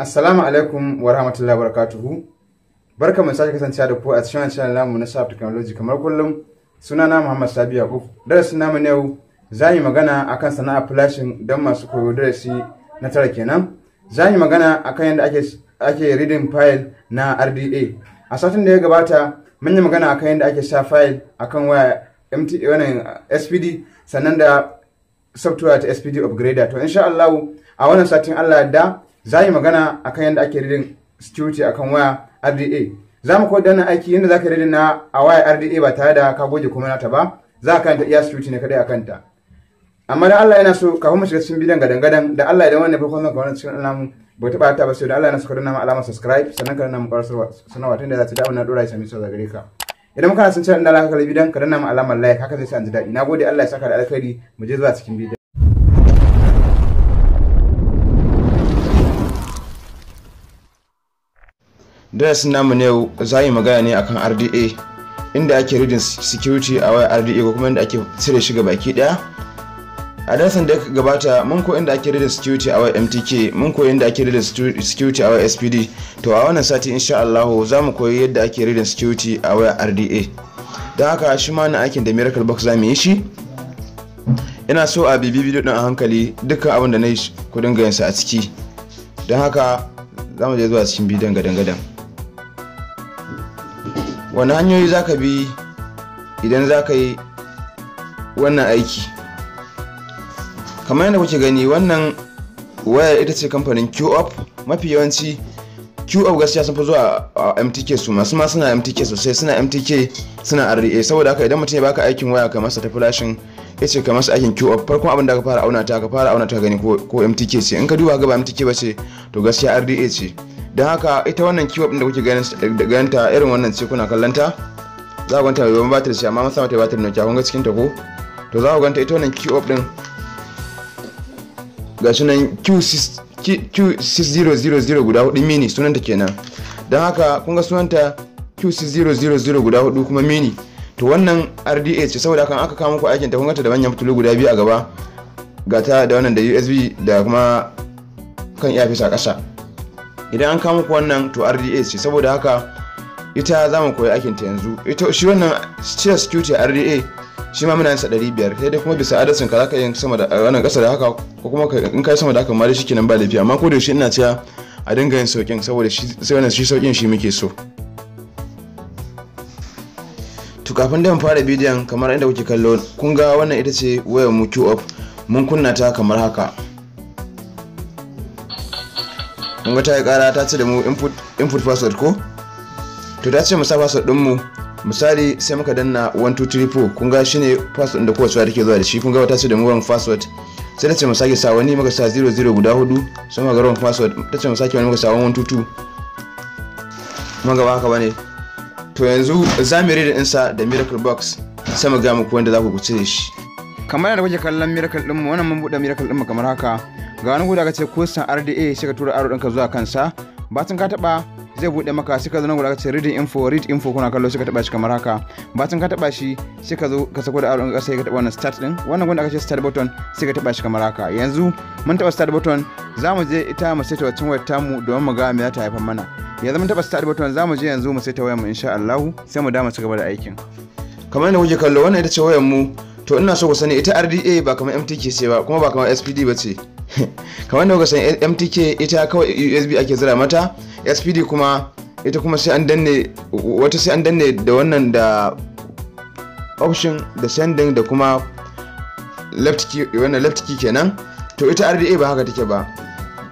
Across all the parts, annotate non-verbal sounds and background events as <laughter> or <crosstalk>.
Assalamu alaikum wa rahmatullahi wa barakatuhu. Barka mu sake kasancewa da ku a cikin channel namu na Sharp Technology kamar kullum. Sunana Muhammad Sabi Yakub. Darasin namu na yau za yi magana akan sana'a flashing don masu koyo darasi na tara kenan. Za yi magana akan yadda ake ake reading file na RDA. A satin da ya gabata mun yi magana akan yadda ake sha file akan waya MT wannan uh, SPD sannan da software ta SPD upgrader. To insha Allah a wannan satin Allah ya da za yi magana a kan yadda ake reading security kan waya RDA za mu koyar da wannan aiki yadda za ka reading na a waya RDA ba tare da ka goge kuma nata ba za ka yanta iya security ne kadai a kanta. amma da Allah yana so kafin mu shiga cikin bidiyon gadan gadan da Allah idan wannan farkon zan kawo cikin alamu, ba taɓa ta ba sai da Allah yana so ka danna mu alamar subscribe sannan ka danna mu ƙarar sanarwa tunda za ta dawo na dora ya sami sau gare ka idan muka san cewa inda Allah ka kalli ka danna mu alamar like haka zai sa an ji daɗi Na gode, Allah ya saka da alkhairi mu je zuwa cikin bidiyon darasin namu ne za yi magana ne akan rda inda ake reading security a waya rda ko kuma inda ake cire shi baki daya a darasin da ya gabata mun koyi inda ake reading security a waya mtk mun koyi inda ake reading security a waya spd to a wannan sati insha allahu za mu koyi yadda ake reading security a waya rda don haka shi ma na aikin da miracle box za mu yi shi ina so a bibi bidiyo din a hankali dukkan abin da na yi ku dinga a ciki don haka za mu je zuwa cikin bidiyon gadan-gadan wani hanyoyi za ka bi idan za ka yi wannan aiki kamar yadda kuke gani wannan wayar ita ce kamfanin qop mafi yawanci qop gaskiya sun fi zuwa a mtk su masu ma suna mtk sosai suna mtk suna rea saboda haka idan mutum ya baka aikin waya kamar sa ta flashin ya ce kamar su aikin qop farkon abin da ka fara auna ta ka fara auna ta gani ko mtk ce in ka duba ga ba mtk ba ce to gaskiya rda ce don haka ita wannan kiwon da kuke ganta irin wannan ce kuna kallanta za ku ganta mai ban batir ce amma masa mata batir nokia kun gaskin ta ko to za ku ganta ita wannan kiwon din gashi nan q 600 guda hudu mini sunanta kenan don haka kun ga sunanta q 600 guda hudu kuma mini to wannan rda ce saboda kan aka kawo muku aikin ta kun ganta da manyan fitilu guda biyu a gaba gata da wannan da usb da kuma kan iya fesa kasa idan an kama ku wannan to rda ce saboda haka ita za mu koyi aikin ta yanzu ita shi wannan cire security rda shi ma muna yansa 500 sai dai kuma bisa adadin ka zaka yin sama da wannan kasa da haka ko kuma in kai sama da haka ma dai shikenan ba lafiya amma ko da shi ina cewa a dinga yin saukin saboda shi sai wannan shi saukin shi muke so to kafin da mu fara bidiyon kamar inda kuke kallo kun ga wannan ita ce wayar mu q up mun kunna ta kamar haka wata ya kara ta ce da mu input password ko to ta ce mu sa password din mu misali sai muka danna 1234 kun ga shine password da kowace take zuwa da shi kun ga wata ce da mu wrong password sai ta ce mu sake sa wani muka sa 00 guda hudu sai muka ga wrong password ta ce mu sake wani muka sa 122 mun ga ba haka bane to yanzu za mu read sa da miracle box sai mu ga muku wanda za ku kuce shi kamar da kuke kallon miracle din mu wannan mun bude miracle din mu kamar haka ga wani guda ce kusan rda shi ka tura aro ɗinka zuwa kansa batun ka taɓa zai buɗe maka shi ka zo nan guda ce reading info read info kuna kallo shi ka taɓa shi kamar haka batun ka taɓa shi shi ka zo ka sako da aro ɗinka sai ka taɓa wannan start ɗin wannan guda ce start button sai ka taɓa shi kamar haka yanzu mun taɓa start button za mu je ita mu saita wacin wayar tamu domin mu ga me za ta haifar mana yanzu mun taɓa start button za mu je yanzu mu saita wayar mu insha Allah sai mu dama ci gaba da aikin kamar yadda kuke kallo wannan ita ce wayar mu to ina so ku sani ita RDA ba kamar MTK ce ba kuma ba kamar SPD ba ce <laughs> kamar da kuka san mtk ita kawai usb ake zira mata spd kuma ita kuma sai an danne wata sai an danne da wannan da option da sending da kuma left key wannan left key kenan to ita rda ba haka take ba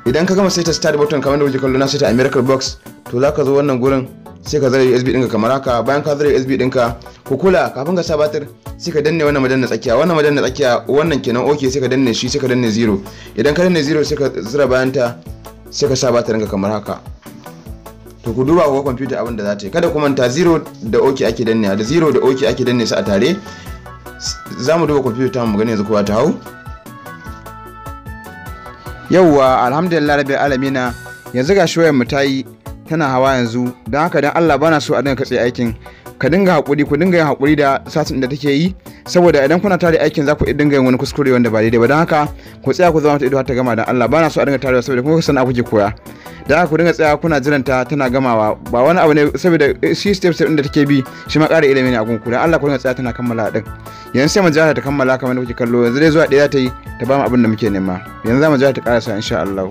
idan ka gama saita start button kamar da kuke kallo na saita a miracle box to za ka zo wannan gurin sai ka zara usb ɗinka kamar haka bayan ka zara usb ɗinka ku kula kafin ka sa batir sai ka danne wannan madannin tsakiya wannan madannin tsakiya wannan kenan ok sai ka danne shi sai ka danne zero idan ka danne zero sai ka zira bayan ta sai ka sa ba ta kamar haka to ku duba wa kwamfuta abin da za ta yi kada ku manta zero da ok ake danne da zero da oke ake danne su a tare za mu duba kwamfuta mu gani yanzu kowa ta hau yauwa alhamdulillah rabbi alamina yanzu ga shoyar mu ta yi tana hawa yanzu don haka don allah bana so a dinga katse aikin ka dinga hakuri ku dinga yin hakuri da satin da take yi saboda idan kuna tare aikin za ku dinga yin wani kuskure wanda ba daidai ba don haka ku tsaya ku zama ta ido har ta gama da Allah bana so a dinga tarewa saboda kuma sana'a kuke koya da ku dinga tsaya kuna jiran ta tana gamawa ba wani abu ne saboda shi step step da take bi shi ma ƙara ilimi ne a gunku dan Allah ku dinga tsaya tana kammala din yanzu sai mu jira ta kammala kamar da kuke kallo yanzu dai zuwa ɗaya ta yi ta ba mu abin da muke nema yanzu za mu ta ƙarasa insha Allah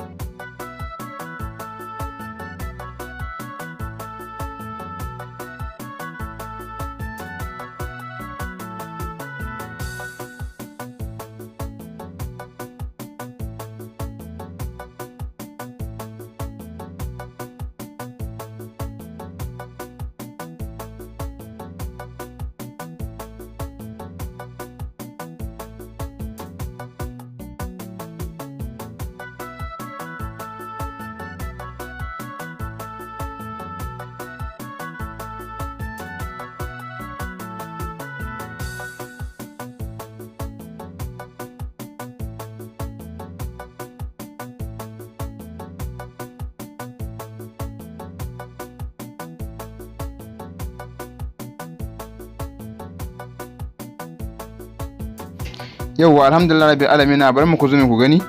yauwa alhamdulillah rabbil alamin bari mu ku zo ku gani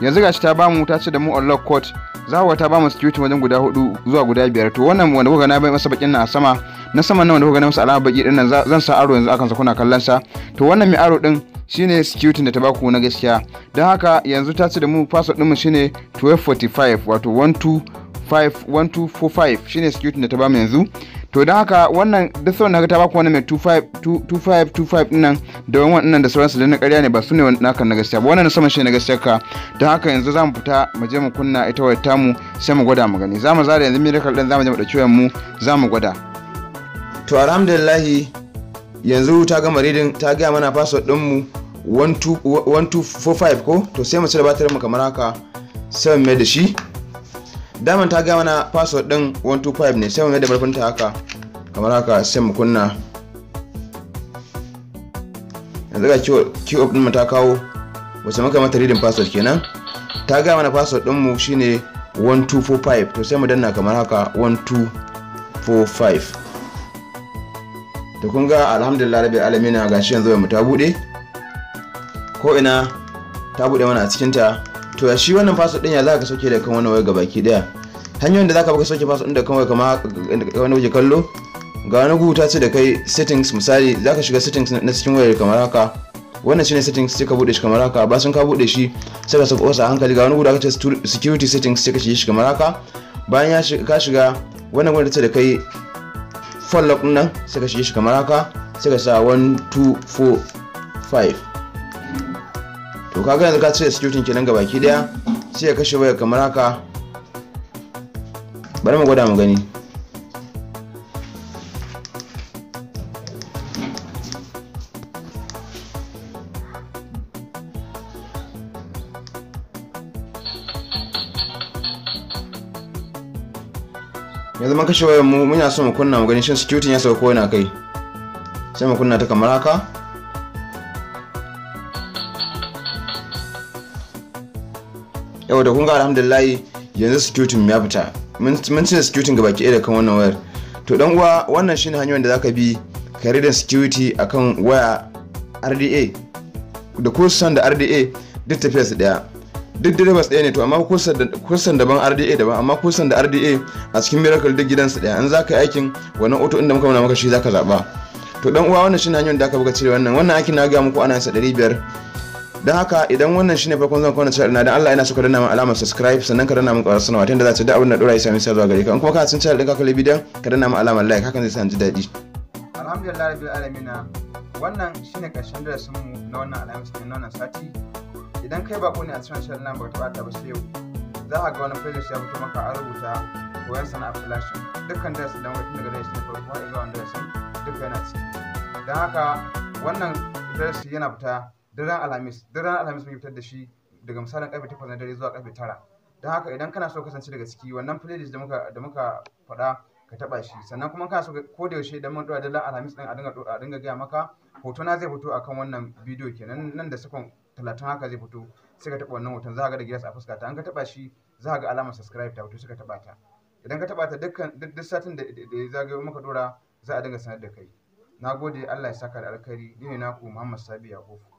yanzu gashi ta bamu ta ce da mu unlock code zawa ta bamu security wajen guda hudu zuwa guda biyar to wannan wanda kuka na bai masa bakin nan a sama na sama nan wanda kuka na masa alama baki din nan zan sa aro yanzu akan sa kuna kallon sa to wannan mai aro din shine security da ta baku na gaskiya don haka yanzu ta ce da mu password din mu shine 1245 wato 12 1245 shine security da ta bamu yanzu to don haka wannan duk sauran haka ta baku wani mai 2525 dinnan da wani wannan da sauransu da na karya ne ba su ne naka na gaskiya ba wannan na saman shi na gaskiya ka don haka yanzu za mu fita mu je mu kunna ita wayar tamu sai mu gwada mu gani za mu zara yanzu miracle din za mu je mu dauki wayar mu za mu gwada to alhamdulillahi yanzu ta gama reading ta gaya mana password din mu 1245 ko to sai mu da batirin mu kamar haka sai mu mai da shi daman ta gaya mana password din 125 ne sai mu da ta haka kamar haka sai mu kunna yanzu ga key up mu ta kawo wasu muka mata reading password kenan ta gaya mana password din mu shine 1245 to sai mu danna kamar haka 1245 to kun ga alhamdulillah rabbi alamin ga shi yanzu mu ta bude ko ina ta bude mana a cikin ta to shi wannan fasa din ya za ka sauke da kan wannan waya gabaki daya hanyoyin da za ka baka sauke fasa din da kan waya kama wani waje kallo ga wani google ta ce da kai settings misali za ka shiga settings na cikin wayar kamar haka wannan shine settings sai ka bude shi kamar haka ba sun ka bude shi sai ka saka wasa hankali ga wani guda ce security settings sai ka shige shi kamar haka bayan ya shiga ka shiga wannan guda tace da kai fall nan sai ka shige shi kamar haka sai ka sa 1 2 4 5. to kaga yanzu ka cire security kenan ga baki daya sai ya kashe waya kamar haka bari mu gwada mu gani yanzu man kashe wayar mu muna so mu kunna mu gani shin security ya sauko ko yana kai sai mu kunna ta kamar haka yau da kun ga alhamdulillah yanzu security ya fita mun cire security ga baki da kan wannan wayar to dan uwa wannan shine hanyoyin da zaka bi ka rida security akan waya RDA da kusan da RDA duk tafiya su daya duk drivers daya ne to amma kusan daban RDA daban amma kusan da RDA a cikin miracle duk gidansu daya an zaka aikin wannan auto inda muka muna maka shi zaka zaba to dan uwa wannan shine hanyoyin da aka buga cire wannan wannan aikin na ga muku ana sa 500 don haka idan wannan shine farkon zan kwana channel dan Allah ina so ka danna min alamar subscribe sannan ka danna min ƙarar sanarwa tunda za ta da abin da dora ya sami sai zuwa gare ka in kuma ka san cewa din ka kalli bidiyon ka danna min alamar like hakan zai sa ji daɗi alhamdulillah rabbil alamin wannan shine karshen sun mu na wannan sai na wannan sati idan kai bako ne a cikin shirin nan ba ta bata ba sai yau za a ga wani playlist ya fito maka a rubuta koyon sana'a flashin dukkan darasin da wani daga darasin na farko har zuwa darasin duk yana ciki don haka wannan darasi yana fita duk ran alhamis duk ran alhamis fitar da shi daga misalin karfe 8 na dare zuwa karfe tara don haka idan kana so kasance daga ciki wannan playlist da muka da muka faɗa ka taba shi sannan kuma kana so ko da yaushe idan mun ɗora dala alhamis ɗin a dinga a dinga gaya maka hoto na zai fito akan wannan bidiyo kenan nan da sakon talatin haka zai fito sai ka taɓa wannan hoton za ka ga da gilas a fuska ta an ka taɓa shi za ka ga alamar subscribe ta fito sai ka taɓa ta idan ka taba ta dukkan duk satin da ya ga maka ɗora za a dinga sanar da kai na gode Allah ya saka da alkhairi ni ne naku Muhammad Sabi Yakubu